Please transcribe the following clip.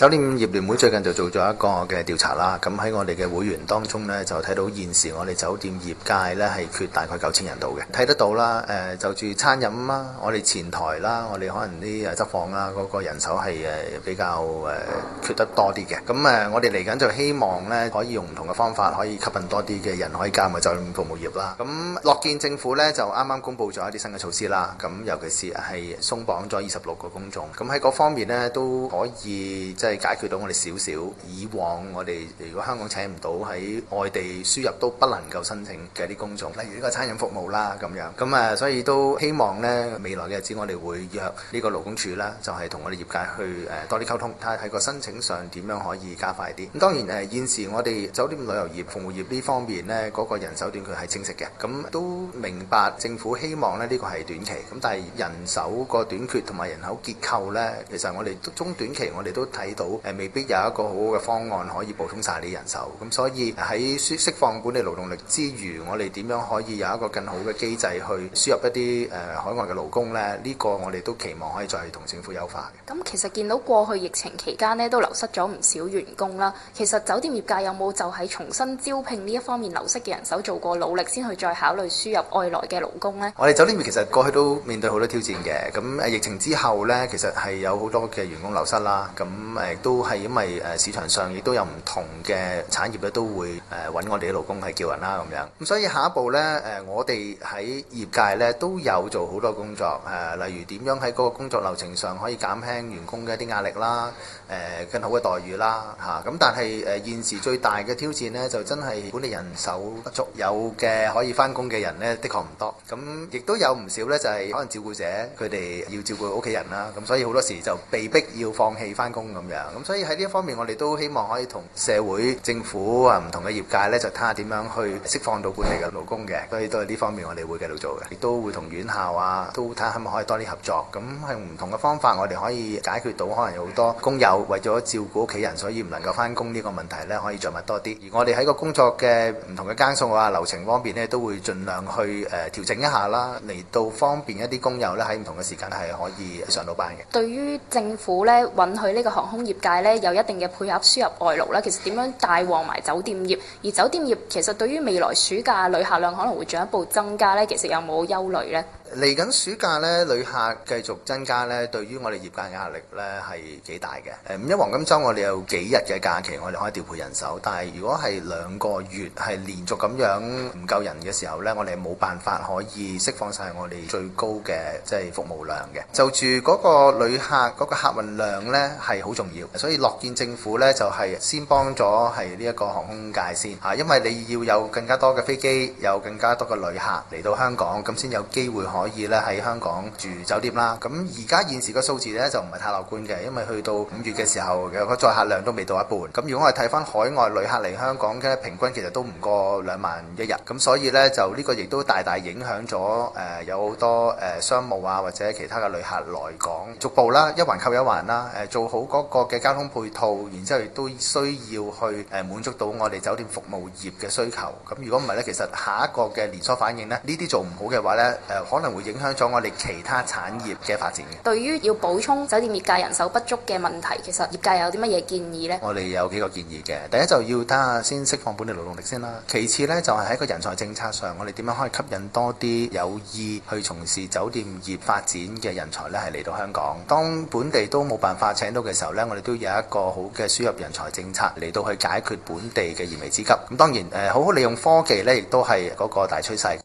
酒店業聯會最近就做咗一個嘅調查啦，咁喺我哋嘅會員當中呢，就睇到現時我哋酒店業界呢係缺大概九千人度嘅，睇得到啦。誒、呃，就住餐飲啦，我哋前台啦，我哋可能啲誒執房啦，嗰、那個人手係誒比較誒、呃、缺得多啲嘅。咁誒，我哋嚟緊就希望呢，可以用唔同嘅方法，可以吸引多啲嘅人可以加入酒店服務業啦。咁樂見政府呢，就啱啱公布咗一啲新嘅措施啦。咁尤其是係鬆綁咗二十六個工種，咁喺嗰方面呢，都可以。即係解決到我哋少少以往我哋如果香港請唔到喺外地輸入都不能夠申請嘅啲工種，例如呢個餐飲服務啦咁樣。咁啊，所以都希望呢，未來嘅日子我哋會約呢個勞工處啦，就係、是、同我哋業界去、呃、多啲溝通，睇下喺個申請上點樣可以加快啲。咁當然誒、呃、現時我哋酒店旅遊業服務業呢方面呢，嗰、那個人手短缺係清晰嘅，咁都明白政府希望呢、這個係短期。咁但係人手個短缺同埋人口結構呢，其實我哋中短期我哋都睇。到誒未必有一個好好嘅方案可以補充曬你人手，咁所以喺釋釋放管理勞動力之餘，我哋點樣可以有一個更好嘅機制去輸入一啲誒海外嘅勞工咧？呢個我哋都期望可以再同政府優化。咁其實見到過去疫情期間咧，都流失咗唔少員工啦。其實酒店業界有冇就喺重新招聘呢一方面流失嘅人手做過努力，先去再考慮輸入外來嘅勞工咧？我哋酒店業其實過去都面對好多挑戰嘅，咁誒疫情之後咧，其實係有好多嘅員工流失啦，咁。誒都係因為誒市場上亦都有唔同嘅產業咧，都會誒揾我哋啲勞工，係叫人啦咁樣，咁所以下一步咧，誒我哋喺業界咧都有做好多工作，誒例如點樣喺嗰個工作流程上可以減輕員工嘅一啲壓力啦，誒更好嘅待遇啦吓，咁但係誒現時最大嘅挑戰咧，就真係管理人手不足，有嘅可以翻工嘅人咧，的確唔多。咁亦都有唔少咧，就係可能照顧者佢哋要照顧屋企人啦，咁所以好多時就被逼要放棄翻工咁樣。咁所以喺呢一方面，我哋都希望可以同社會、政府啊、唔同嘅業界咧，就睇下點樣去釋放到本地嘅勞工嘅。所以都係呢方面，我哋會繼續做嘅，亦都會同院校啊，都睇下可唔可以多啲合作。咁係唔同嘅方法，我哋可以解決到可能有好多工友為咗照顧屋企人，所以唔能夠翻工呢個問題咧，可以再問多啲。而我哋喺個工作嘅唔同嘅監控啊、流程方面咧，都會盡量去誒調整一下啦，嚟到方便一啲工友咧喺唔同嘅時間係可以上到班嘅。對於政府咧，允許呢個航空業界呢，有一定嘅配合輸入外勞啦，其實點樣帶旺埋酒店業？而酒店業其實對於未來暑假旅客量可能會進一步增加呢？其實有冇憂慮呢？嚟緊暑假咧，旅客繼續增加咧，對於我哋業界嘅壓力咧係幾大嘅。五一因黃金周，我哋有幾日嘅假期，我哋可以調配人手。但係如果係兩個月係連續咁樣唔夠人嘅時候咧，我哋冇辦法可以釋放晒我哋最高嘅即係服務量嘅。就住嗰個旅客嗰、嗰個客運量咧係好重要，所以樂見政府咧就係、係、先幫咗係呢一個航空界先、啊、因為你要有更加多嘅飛機，有更加多嘅旅客嚟到香港，咁先有機會。可以咧喺香港住酒店啦，咁而家現時個數字咧就唔係太樂觀嘅，因為去到五月嘅時候，個載客量都未到一半。咁如果我哋睇翻海外旅客嚟香港嘅平均其實都唔過兩萬一日。咁所以咧就呢個亦都大大影響咗誒，有好多誒商務啊或者其他嘅旅客來港逐步啦，一環扣一環啦。誒做好嗰個嘅交通配套，然之後亦都需要去誒滿足到我哋酒店服務業嘅需求。咁如果唔係咧，其實下一個嘅連鎖反應咧，呢啲做唔好嘅話咧，誒、呃、可。可能會影響咗我哋其他產業嘅發展。對於要補充酒店業界人手不足嘅問題，其實業界有啲乜嘢建議呢？我哋有幾個建議嘅。第一就要睇下先釋放本地勞動力先啦。其次呢，就係喺個人才政策上，我哋點樣可以吸引多啲有意去從事酒店業發展嘅人才呢？係嚟到香港。當本地都冇辦法請到嘅時候呢，我哋都有一個好嘅輸入人才政策嚟到去解決本地嘅燃眉之急。咁當然、呃、好好利用科技呢，亦都係嗰個大趨勢。